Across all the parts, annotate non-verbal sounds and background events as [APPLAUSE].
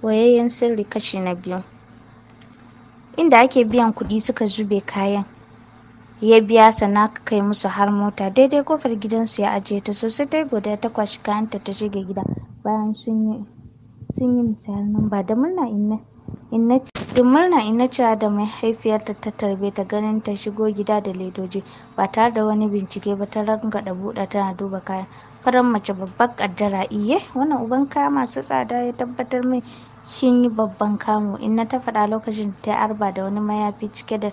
boyayyen sirri kashi na biyu inda ake biyan kuɗi suka zube kayan ya biya sana aka kai musu har mota daidai kofar gidansu ya ajiye ta sosai ta godiya ta kwashi kayanta ta shige gida bayan sun yi misali nan, ba da murna inna inna da murna inna cewa da mahaifiyarta ta tarbe ta ganin ta shigo gida da ledoji ba tare da wani bincike ba ta da buɗe tana duba kayan farar mace babbar ƙaddara. iye wannan uban kaya masu tsada ya tabbatar mai sun yi babban kamu na ta faɗa lokacin da ta yi arba da wani mayafi cike da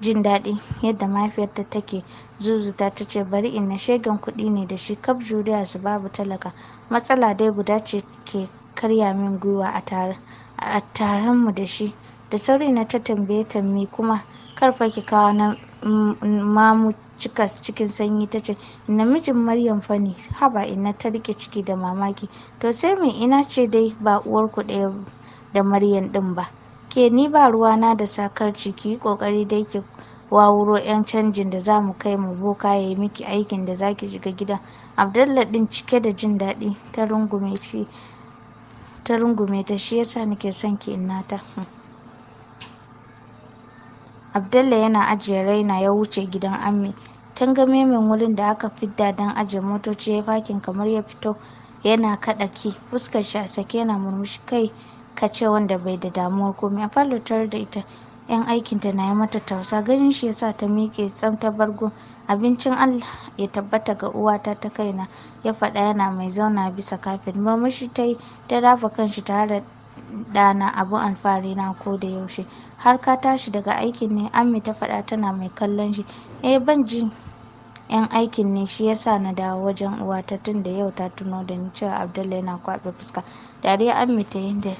jin daɗi yadda mahaifiyarta take zuzuta ta ce bari inna shegan kuɗi ne da shi kaf juriya su babu talaka matsala dai guda ce ke karya min gwiwa a taron mu da shi da sauri na ta tambaye ta me kuma karfa ki kawo na mm, mamu cikas cikin sanyi ta ce namijin maryam fa ne haba ina ta rike ciki da mamaki to sai mai ina ce dai ba uwar ɗaya ba da Maryam ɗin ba. Ke ni ba ruwana da sakar ki yi ƙoƙari dai ki wawuro 'yan canjin da za mu kai mu boka ya yi miki aikin da za ki shiga gidan. Abdallah ɗin cike da jin daɗi ta rungume ta rungume ta shi yasa nake son ki nata Abdalla yana ajiye raina ya wuce gidan Ammi. Tangame min wurin da aka fidda don ajiye motoci ya fakin kamar ya fito yana kaɗa ki fuskar shi a sake yana murmushi kai ka ce wanda bai da damuwar komai a falotar da ita yan ta na yi mata tausa ganin shi yasa ta miƙe tsam ta bargo abincin allah ya tabbata ga uwata ta kaina ya faɗa yana mai zauna bisa kafin murmushi ta yi ta dafa kanshi tare dana abun alfahari na ko da yaushe har ka tashi daga aikin ne ammi ta faɗa tana mai kallon shi eh ban ji yan aikin ne shi yasa na dawo wajen uwata tun da yau ta tuno da ni cewa abdulla yana kwaɓe fuska dariya ammi ta yi da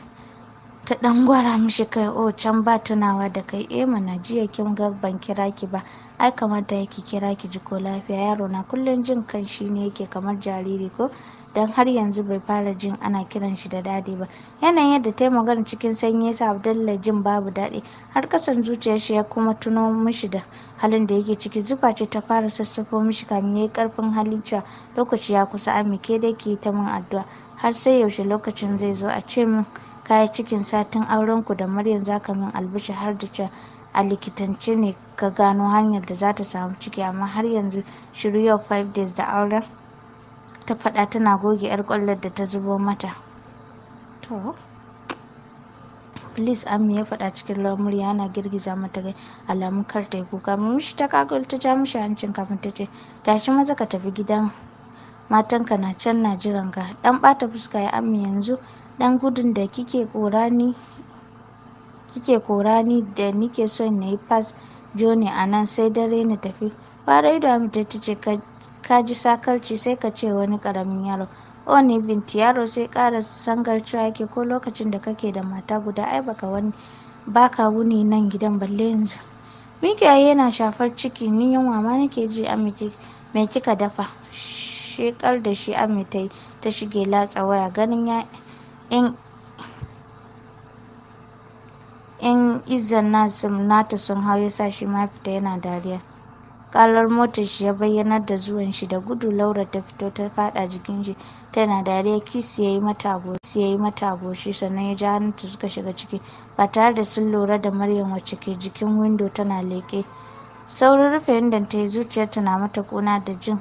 ta ɗan gwara mishi kai o can ba tunawa da kai eh mana jiya kin ga ban kira ki ba ai kamata yake kira ki ji ko lafiya yaro na kullum jin kan shi ne yake kamar jariri ko dan har yanzu bai fara jin ana kiran shi da dadi ba yanayin yadda ta magana cikin sanyi yasa Abdullah jin babu daɗi har kasan zuciyar shi ya kuma tuno mishi da halin da yake ciki zufa ce ta fara sassafo mishi kamin yayi karfin halin cewa lokaci ya kusa amike da ke ta min addu'a har sai yaushe lokacin zai zo a ce min kaya cikin satin auren ku da Maryam zaka min albishi har da can a likitance ne ka gano hanyar da za ta samu ciki amma har yanzu shiru yau 5 days da auren ta faɗa tana goge 'yar ƙwallar da ta zubo mata to please ami ya faɗa cikin lamuri murya yana girgiza mata gai alamun kar ta yi kuka mishi ta kakar ta ja mishi hancin kafin ta ce tashi maza ka tafi gidan matanka na can na jiran ka dan bata fuska ya amma yanzu ɗan gudun da kike kora da nike so na yi pass joni a nan sai dare na tafi fara ido amita ta ce ka ji sakarci sai ka ce wani karamin yaro o ne binti yaro sai kara sangar cewa yake ko lokacin da kake da mata guda ai baka wani baka wuni nan gidan balle yanzu mikiya yana shafar ciki ni yunwa ma nake ji amince mai kika dafa shekar da shi amitai ta shige latsa waya ganin ya 'yan nasu nata sun hau yasa shi ma fita yana dariya Ƙarar motar shi ya bayyanar da zuwan shi da gudu laura ta fito ta fada jikin shi tana dariya kis ya yi mata ya yi mata goshi sannan ya ja hannunta suka shiga ciki ba tare da sun lura da maryam wacce ke jikin windo tana leke saurin rufe windon ta yi zuciyarta na mata kuna da jin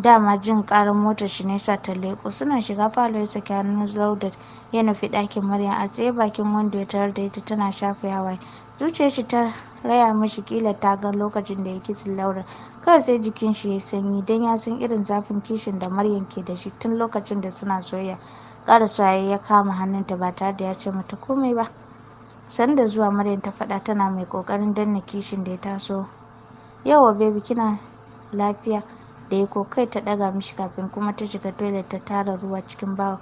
dama jin karar motar shi nesa ta leko suna shiga falo ya saki hannun laudat ya nufi ɗakin murya a tsaye bakin wanda ya tarar da ita tana shafa hawaye zuciyar shi ta raya mashi kila ta ga lokacin da ya kisin laura kawai sai jikin shi ya sanyi don ya san irin zafin kishin da maryam ke da shi tun lokacin da suna soyayya sa ya kama hannunta ba tare da ya ce mata komai ba sanda zuwa maryam ta faɗa tana mai ƙoƙarin danna kishin da ya taso yawa bebi kina lafiya ya ko kai ta ɗaga mishi kafin kuma ta shiga toilet ta tara ruwa cikin bawa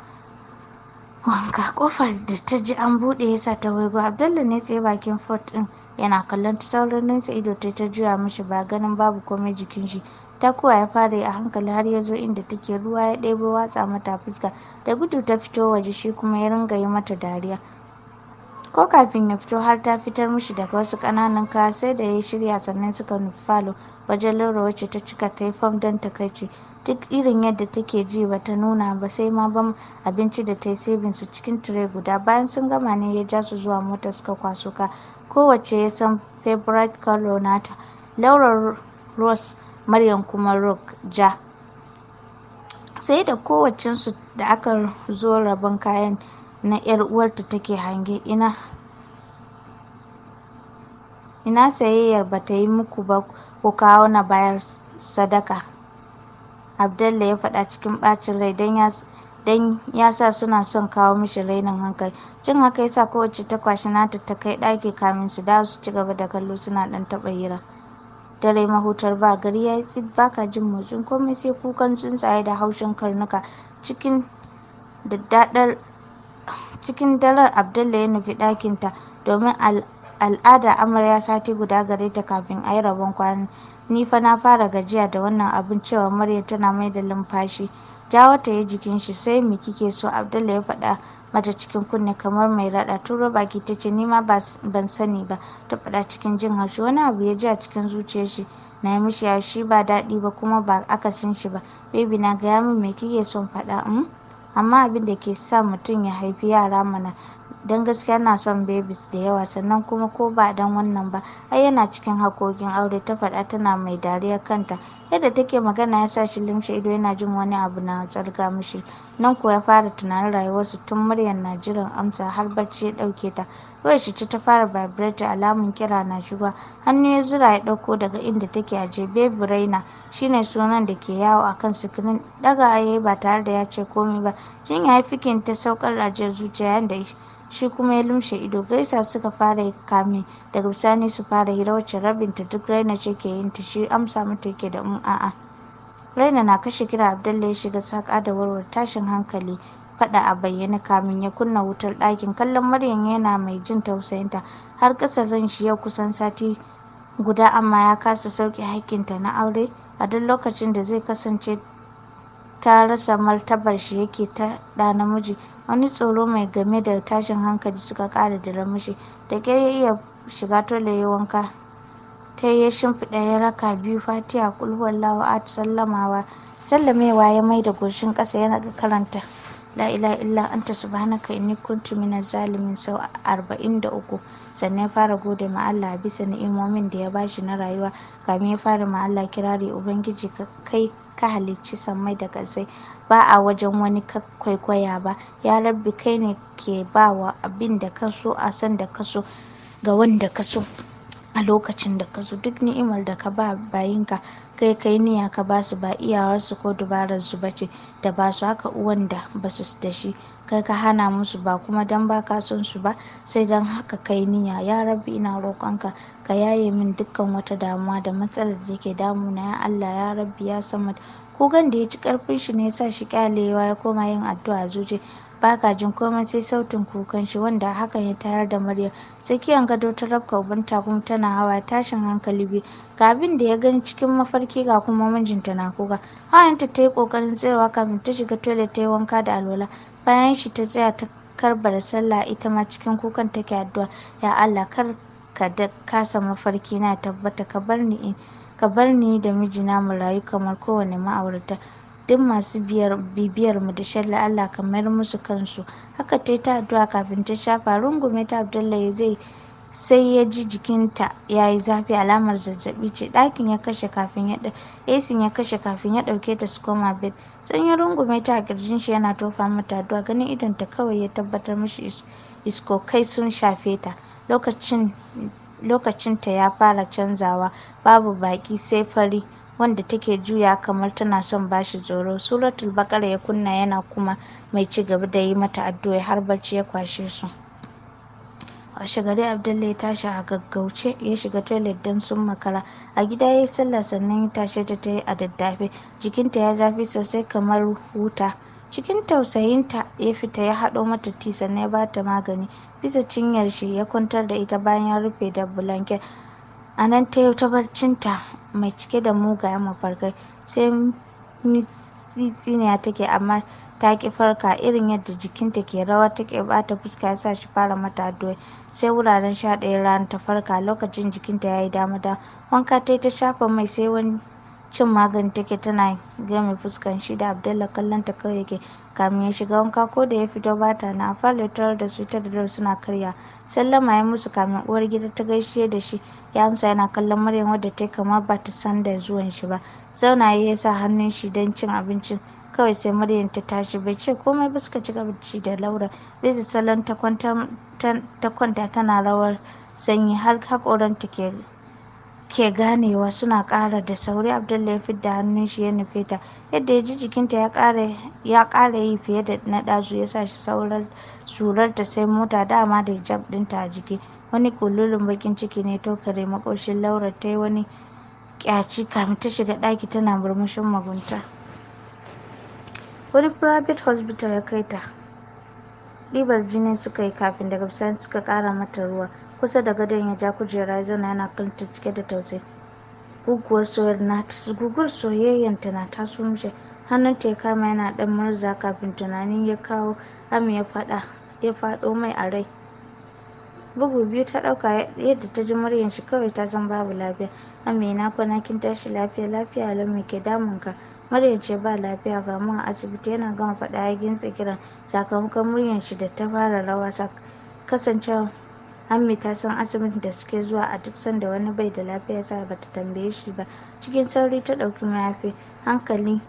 wanka ƙofar da ta ji an buɗe yasa ta waigo abdalla ne tsaye bakin fort ɗin yana kallon ta saurin nesa ido ta ta juya mishi ba ganin babu komai jikin shi ta kuwa ya fara yi a hankali har ya zo inda take ruwa ya ɗebo watsa mata fuska da gudu ta fito waje shi kuma ya ringa yi mata dariya ko kafin ya fito har ta fitar mashi daga wasu ƙananan kaya sai da ya shirya sannan suka nufi falo wajen lura wacce ta cika ta yi fam don takaici duk irin yadda take ji ba ta nuna ba sai ma ban abinci da ta yi sebin su cikin tire guda bayan sun gama ne ya ja su zuwa mota suka kwaso ka kowace ya san favorite color nata laura rose maryam kuma rock ja sai da kowaccensu da aka zo rabon kayan na 'yar uwarta take hange ina ina sayayyar ba ta yi muku ba ku kawo na bayar sadaka abdalla ya faɗa cikin ɓacin rai don ya dan ya sa suna son kawo mishi rainin hankali cin haka yasa kowace ta kwashi nata ta kai ɗaki kamin su dawo su ci gaba da kallo suna ɗan taɓa hira dare mahutar ba gari ya yi tsit baka jin motsin komai sai kukan tsuntsaye da haushin karnuka cikin daddaɗar Cikin daren Abdullahi ya nufi ɗakinta domin al'ada amarya sati guda gare ta kafin a yi rabon kwana. Ni fa na fara gajiya da wannan abin cewa Maryam tana mai da lumfashi. Jawo ta ya jikin shi sai me kike so Abdullahi ya faɗa mata cikin kunne kamar mai raɗa turo baki ta ce nima ban sani ba ta faɗa cikin jin haushi wani abu ya ji a cikin zuciyar shi na yi mishi yashi ba daɗi ba kuma ba akasin shi ba baby na gaya min me kike son faɗa um amma abin da ke sa mutum ya haifi yara mana don gaskiya na son babies da yawa sannan kuma ko ba dan wannan ba ai yana cikin hakokin aure ta faɗa tana mai dariyar kanta yadda take magana ya sa shi limshe ido yana jin wani abu na tsarka mishi nan ko ya fara tunanin rayuwarsu tun muryar na jiran amsa har barci ya ɗauke ta wayar shi ce ta fara vibrate alamun kira na shiga hannu ya zura ya ɗauko daga inda take aje baby raina shine sunan da ke yawo akan sikirin daga yayi ba tare da ya ce komai ba jin ya fikin ta saukar ajiyar zuciya yanda shi kuma ya lumshe ido gaisa suka fara kame daga bisani su fara hira wacce rabin ta duk raina ce ke yin ta shi amsa mata yake da um a'a raina na kashe kira abdullahi ya shiga saka da warwar tashin hankali faɗa a bayyane kamin ya kunna wutar ɗakin kallon maryam yana mai jin tausayinta har ƙasar ran shi yau kusan sati guda amma ya kasa sauke haƙƙinta na aure a duk lokacin da zai kasance ta rasa martabar shi yake ta ɗa namiji wani tsoro mai game da tashin hankali suka ƙara da mishi da ƙyar ya iya shiga tole ya wanka ta ya shimfiɗa ya raka biyu fatiha kulhuwallahu at sallamawa sallamewa ya mai da goshin ƙasa yana karanta la ila illa anta subhanaka inni kuntu minaz zalimin sau 43 sannan ya fara gode ma Allah bisa ni'imomin da ya bashi na rayuwa kamin ya fara ma Allah kirari ubangiji kai ka halicci sammai da ƙasai ba a wajen wani kwaikwaya ba ya rabbi kai ne ke ba wa abin da ka so a san da ka so ga wanda ka so a lokacin da ka so duk ni'imar da ka ba bayinka kai kai niyya ka basu, ba iyawarsu ko dubararsu bace da ba su haka uwan da ba su da shi kai ka hana musu ba kuma dan ba ka son su ba sai dan haka kai niyya ya rabbi ina roƙonka ka yaye min dukkan wata damuwa da matsalar da yake damu na ya Allah ya rabbi ya samad kugan da ya ci karfin shi ne ya sa shi kyalewa ya koma yin addu'a zuci ba ka jin komai sai sautin kukan shi wanda hakan ya tayar da Maryam. Tsakiyar gado ta rabka ubanta kuma tana hawa tashin hankali biyu. Ga abin da ya gani cikin mafarki ga kuma mijinta na kuka. Hawayenta ta yi ƙoƙarin tsayawa kafin ta shiga toilet ta yi wanka da alwala. Bayan shi ta tsaya ta karbar sallah ita ma cikin kukan take addu'a ya Allah kar ka da kasa mafarki na tabbata ka bar ni ka bar ni da mijina mu rayu kamar kowane ma'aurata duk masu bibiyar mu da shalla Allah ka musu kansu haka yi ta addu'a kafin ta shafa rungume ta ya zai sai ya ji jikinta ya yi zafi alamar zazzabi ce ɗakin ya kashe kafin ya esin ya kashe kafin ya ɗauke ta su koma bed ya rungume ta a kirjin shi yana tofa mata addu'a ganin idon ta kawai ya tabbatar mishi isko kai sun shafe ta lokacin lokacinta ya fara canzawa babu baki sai fari wanda take juya kamar tana son bashi shi tsoro. Suratul Baƙara ya kunna yana kuma mai ci gaba da yi mata addu'a har barci ya kwashe su. washegari Abdullahi ya tashi a gaggauce ya shiga toilet don sun makara a gida ya yi sallah sannan ya tashe ta ta yi a daddafe jikinta ya zafi sosai kamar wuta cikin tausayinta ya fita ya haɗo mata ti sannan ya ba ta magani bisa cinyar shi ya kwantar da ita bayan ya rufe da blanket A nan ta yi ta barcinta mai cike da mugayen mafarkai, sai mitsitsiniya take amma ta ƙi farka irin yadda jikinta ke rawa take ɓata fuska ya sa shi fara mata addu'a, sai wuraren sha ɗaya rana ta farka lokacin jikinta ya yi dama-dama wanka ta yi ta shafa mai sai wani cin magani take tana game fuskan shi da abdullahi kallon ta kawai yake kamin ya shiga wanka ko da ya fito bata na falo tarar da su ta da suna karya sallama ya musu kamin uwar gida ta gaishe da shi ya amsa yana kallon maryam wadda ta kamar ba ta san da zuwan shi ba zauna ya sa hannun shi don cin abincin kawai sai maryam ta tashi bai ce komai ba suka ci gabaci da laura lizi salon ta kwanta tana rawar sanyi har hakoranta ke ke ganewa suna ƙara da sauri Abdullahi ya fidda hannun shi ya nufe ta, yadda ya ji jikinta ya ƙara yi fiye da na ɗazu ya sa shi surarta sai mota dama da hijab ɗinta a jiki. Wani kululun baƙin ciki ne kare makoshin Laura ta yi wani ƙyaci kamin ta shiga ɗaki tana murmushin mugunta. Wani private hospital ya kai ta. Ɗibar jinin suka yi kafin daga bisani suka kara mata ruwa. kusa da gadon ya ja kujera zana zauna yana kanta cike da tausayi guguwar soyayyanta na taso mishi ta ya kama yana dan murza kafin tunanin ya kawo ami ya fada ya fado mai a rai bugu biyu ta dauka yadda ta ji muryar shi kawai ta san babu lafiya amina kwana kin tashi lafiya lafiya lau me ke damun ka muryar ce ba lafiya ga mu a asibiti yana gama fada ya gintsa kiran sakamakon muryar shi da ta fara rawa kasancewa Ammi ta san asibitin da suke zuwa a duk sanda wani bai da lafiya sa ta tambaye shi ba. Cikin sauri ta ɗauki mayafi hankali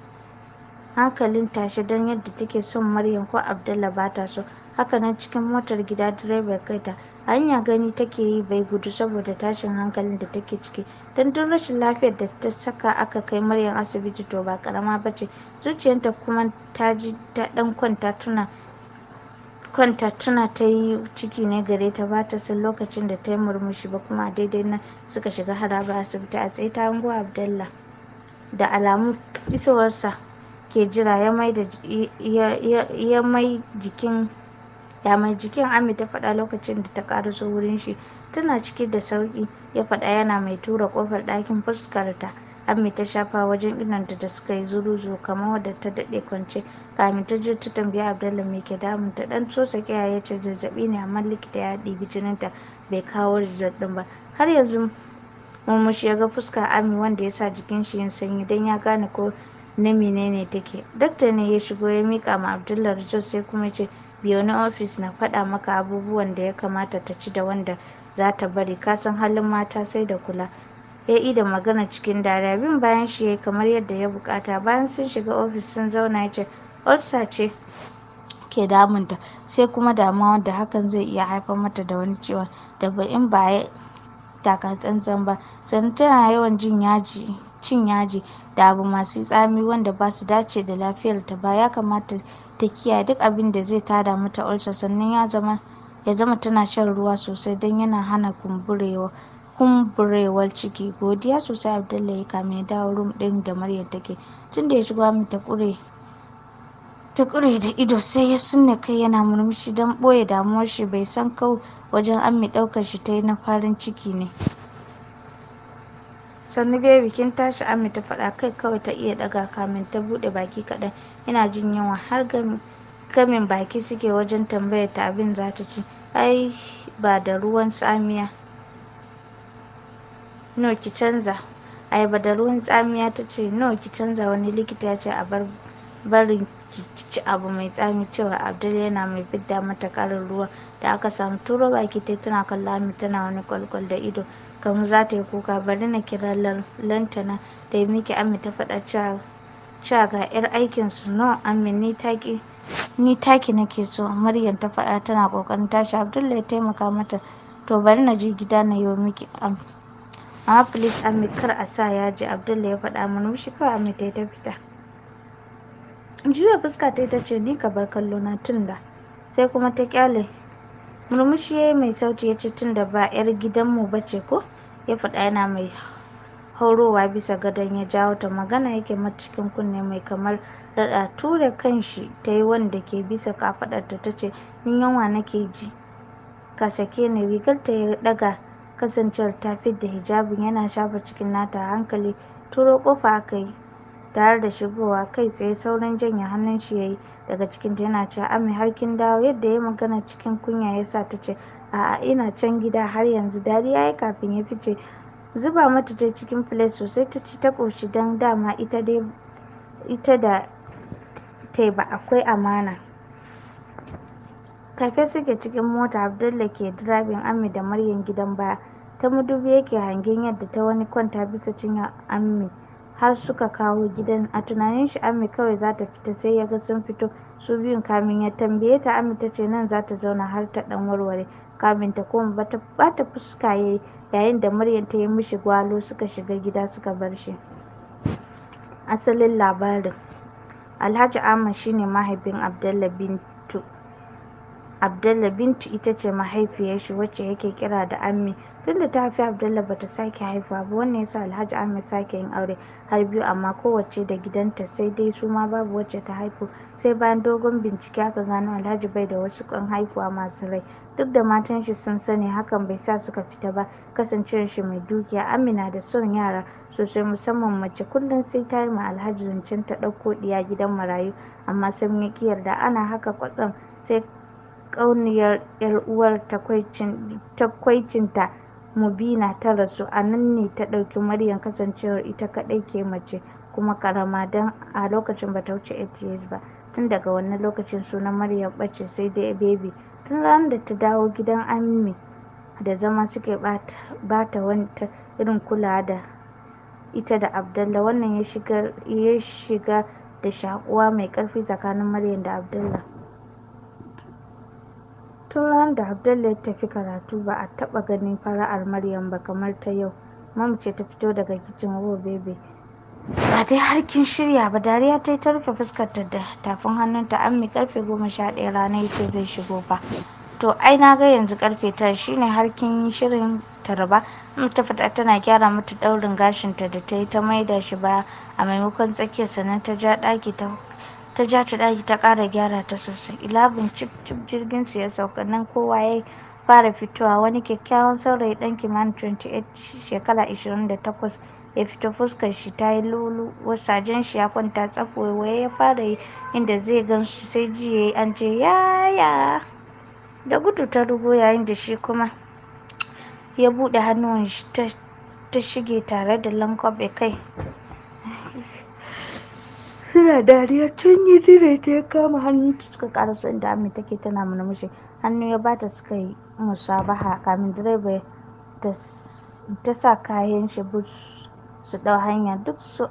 hankalin tashi don yadda take son Maryam ko Abdullah ba ta so. haka nan cikin motar gida direban kai ta hanya gani take yi bai gudu saboda tashin hankalin da take ciki. Don duk rashin lafiyar da ta saka aka kai Maryam asibiti to ba ƙarama ba ce. Zuciyarta kuma ta ji ta ɗan kwanta tuna kwanta tuna ta yi ciki ne gare ta ba ta san lokacin da ta yi murmushi ba kuma a daidai nan suka shiga haraba asibiti a tsaye ta hango abdalla da alamu isowarsa ke jira ya mai jikin ya mai jikin ami ta faɗa lokacin da ta ƙaraso wurin shi tana ciki da sauƙi ya faɗa yana mai tura ƙofar ɗakin fuskarta Ami ta shafa wajen inonta da suka yi zuru kamar wadda ta daɗe kwance. Kamin ta je ta tambayi Abdallah me ke damun ta dan sosa kiya ya ce zazzaɓi ne amma likita ya ɗibi jininta bai kawo result din ba. Har yanzu murmushi ya ga fuskar Ami wanda ya sa jikin shi yin sanyi don ya gane ko na menene take. Dakta ne ya shigo ya mika ma Abdullah result sai kuma ya ce biyo na ofis na faɗa maka abubuwan da ya kamata ta ci da wanda za ta bari kasan halin mata sai da kula. ya yi da magana cikin dariya bin bayan shi ya yi kamar yadda ya bukata bayan sun shiga ofis sun zauna ya ce ulcer ce ke damunta sai kuma damuwa wanda hakan zai iya haifar mata da wani ciwon da ba in ba ya taka tsantsan ba sannan tana yawan jin yaji cin yaji da abu masu tsami wanda ba su dace da lafiyarta ba ya kamata ta kiyaye duk abin da zai tada mata ulcer sannan ya zama ya zama tana shan ruwa sosai don yana hana kumburewa kumburewar ciki godiya sosai Abdullahi ya kame ya dawo rum ɗin da maryam take tunda ya shigo min ta ƙure ta ƙure da ido sai ya sunna kai yana murmushi don ɓoye damuwar shi bai san kau wajen ammi ɗaukar shi ta yi na farin ciki ne sannu bai bikin tashi ammi ta faɗa kai kawai ta iya ɗaga kamin ta buɗe baki kaɗan yana jin yawa har gamin baki suke wajen tambayar ta abin za ta ci ai ba da ruwan tsamiya no ki canza ayaba da ruwan tsamiya ta ce no ki canza wani likita ya ce a bar barin ki ci abu mai tsami cewa abdul yana mai fidda mata karin ruwa da aka samu turo baki ta tana kalla ami tana wani kwalkwal da ido kamar za ta yi kuka bari na kira lantana da ya miki ami ta faɗa cewa ga yar aikin su no ami ni taki ni taki nake so maryam ta faɗa tana kokarin tashi abdul ya taimaka mata to bari na je gida na yi miki ami amma please ami kar a sa ya ji abdullahi ya faɗa murmushi kawai ami ta yi ta fita juya fuska ta ta ce ni ka bar kallo na tunda sai kuma ta kyale murmushi ya mai sauti ya ce tunda ba yar gidanmu ba ce ko ya faɗa yana mai haurowa bisa gadon ya jawo ta magana yake mata cikin kunne mai kamar daɗa tura kanshi ta yi wanda ke bisa kafaɗarta ta ce ni yanwa nake ji ka sake ni rigar ta ya ɗaga Kasancewar ta da hijabin yana shafa cikin nata a hankali, turo ƙofa aka yi tare da shigowa, kai tsaye sauran janye hannun shi ya yi daga cikinta yana cewa, "Ami har kin dawo?" Yadda ya magana cikin kunya ya sa ta ce, "A'a, ina can gida har yanzu." Dariya ya yi kafin ya fice, zuba mata ta cikin filai sosai ta ci ta ƙoshi don dama ita da tai ba akwai amana. Tafe suke cikin mota Abdullahi ke dirabin Ami da Maryam gidan baya, ta mudubi yake hangen yadda ta wani kwanta bisa cinya ami har suka kawo gidan, a tunanin shi Ammi kawai za ta fita sai ya ga sun fito su biyun kamin ya tambaye ta ami ta ce nan za ta zauna har ta ɗan warware kamin ta koma bata fuska ya yi yayin da Maryam ta yi mishi gwalo suka shiga gida suka bar shi. Asalin labarin Alhaji Ahmad shine mahaifin Abdullah bin Abdullah Bintu ita ce mahaifiyar shi wacce yake kira da Ammi tunda ta fi Abdullah bata sake haihuwa ba wannan yasa Alhaji Ahmed sake yin aure har biyu amma kowacce da gidanta sai dai su ma babu wacce ta haifu, sai bayan dogon bincike aka gano Alhaji bai da wasu kan haihuwa masu rai duk da matan shi sun sani hakan bai sa suka fita ba kasancewar shi mai dukiya Amina da son yara sosai musamman mace kullum sai ta yi ma Alhaji zancen ta ɗauko ɗiya gidan marayu amma sun ƙi yarda ana haka kwatsam sai makauniyar ƴar'uwar takwaicinta Mubina ta rasu, a nan ne ta ɗauki Maryam kasancewar ita kaɗai ke mace kuma ƙarama don a lokacin bata wuce 8 ba, tun daga wannan lokacin sunan Maryam ɓace sai dai Baby, tun ranar da ta dawo gidan Ammi da zama suke ba ta irin kulawa da ita da Abdallah, wannan ya shiga da shaƙuwa mai ƙarfi tsakanin Maryam da Abdallah. Tun ranar da Abdullahi ya tafi karatu ba a taɓa ganin fara'ar Maryam ba kamar ta yau. Mamace ta fito daga kicin wo oh, bebe. ba dai shirya ba" dariya ta yi ta rufe fuskarta da tafin hannunta. "Ammi karfe goma sha ɗaya rana ya ce zai shigo fa." "To ai na ga yanzu karfe tara shi ne harkin shirin tarba, ba." ta faɗa tana gyara mata ɗaurin gashinta da ta yi ta maida shi baya a maimakon tsakiya sannan ta ja ɗaki ta ta ja ta ɗaki ta ƙara gyara ta sosai ilabun cip cip jirgin su ya sauka nan kowa ya fara fitowa wani kyakkyawan saurayi ɗan kimanin 28 shekara 28 ya fito fuskar shi ta yi lulu sajen shi ya kwanta tsaf waiwaye ya fara yi inda zai gan shi sai ji an ce yaya da gudu ta rugo yayin da shi kuma ya buɗe hannuwan shi ta shige tare da lankwab kai suna dariya can yi dire ta ya kama ta suka su inda amin take tana mana hannu ya ta suka yi musabaha kamin direba ta sa kayan shi bus su dau hanya duk su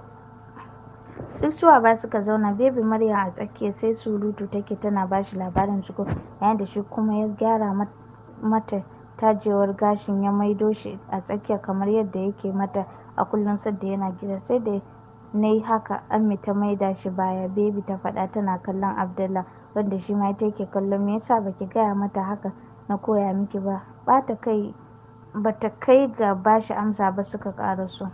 duk suwa ba suka zauna bebi maryam a tsakiya sai surutu take tana ba shi labarin suku yayin da shi kuma ya gyara mata tajewar gashin ya maido shi a tsakiya kamar yadda yake mata a kullum sadda yana gida sai da yi haka, Ummi ta maida shi baya, Baby ta faɗa tana kallon Abdullah, wanda shi ma ita yake kallon. me yasa baki gaya mata haka na koya miki ba? Ɓata kai bata kai ga bashi amsa ba suka su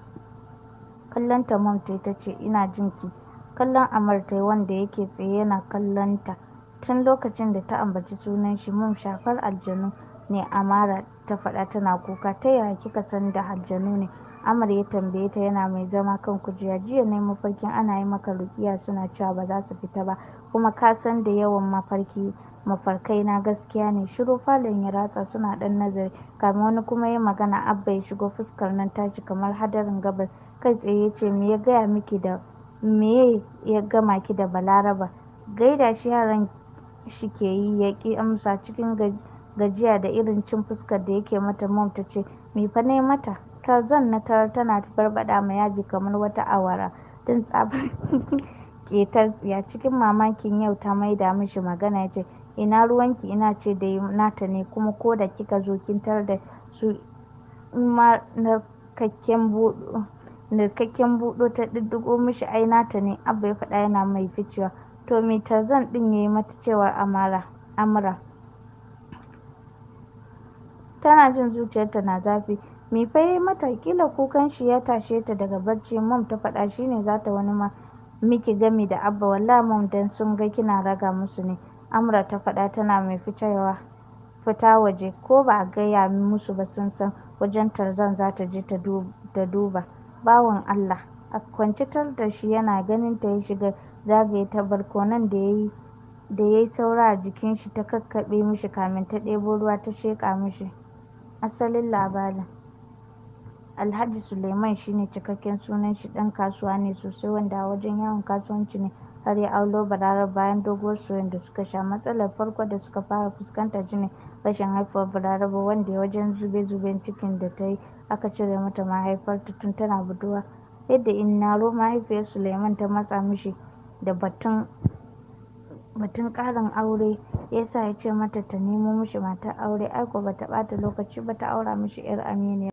Kallon ta Mom tayi ta ce, ina jin ki. Kallon amarta wanda yake tsaye yana kallon ta. Tun lokacin da ta ambaci sunan shi Mom shafar aljanu ne Amara ta faɗa tana kuka, ta yaya kika san da aljanu ne? amar ya tambaye ta yana mai zama kan kujera, "Jiya ne mafarkin ana yi maka rukiya suna cewa ba za su fita ba, kuma ka san da yawan mafarki na gaskiya ne." Shiru falon ya ratsa, suna ɗan nazari, kafin wani kuma ya magana. Abba ya shigo, fuskar nan tashi kamar hadarin gabas, kai tsaye ya ce, "Me ya gaya miki da me ya gama ki da Balaraba?" Gaida shi yaran shi ke yi, ya ƙi amsa, cikin gajiya da irin cin fuskar da yake mata. Mom ta ce, "Me fa ne mata?" Tarzan na tarar tana ta barbaɗa ma yaji kamar wata awara don tsabar ƙetar [LAUGHS] tsiya, cikin mamakin yau ta maida mishi magana ya ce, "Ina ruwanki ina ce da nata ne kuma ko da kika zo kin tarar da su ma narkakken buɗo ta ɗiɗɗigo mishi ai nata ne" Abba ya faɗa yana mai ficewa. To me Tarzan ɗin ya yi mata cewa Amara? Tana jin zuciyarta na zafi. Me fa ya yi mata? kila kukan shi ya tashe ta daga barci, Mom ta faɗa shi ne za ta wani miki gami da Abba, wallahi Mom dan sun ga kina raga musu ne, Amra ta faɗa tana mai fita waje, ko ba a gaya musu ba sun san wajen tarzan za ta je ta duba. Bawan Allah, a kwancitar da shi yana ganin ta ya shiga zagaye ta barkonon da ya yi da ya saura a jikin shi ta kakkaɓe mishi kamin ta ɗebo ruwa ta sheƙa mishi. Asalin labarin Alhaji Suleiman shi ne cikakken sunan shi ɗan kasuwa ne sosai wanda a wajen yawon kasuwanci ne har ya aulo barara bayan doguwar soyayya da suka sha. Matsalar farko da suka fara fuskanta shi ne rashin haifuwar Balaraba wanda ya wajen zube-zuben cikin da ta yi aka cire mata mahaifarta tun tana budurwa. Yadda in na Innaro mahaifiyar Suleiman ta matsa mishi da batun batun ƙarin aure ya sa ya ce mata ta nemo mishi matar aure aiko bata ɓata lokaci ba ta aura mishi 'yar aminiya.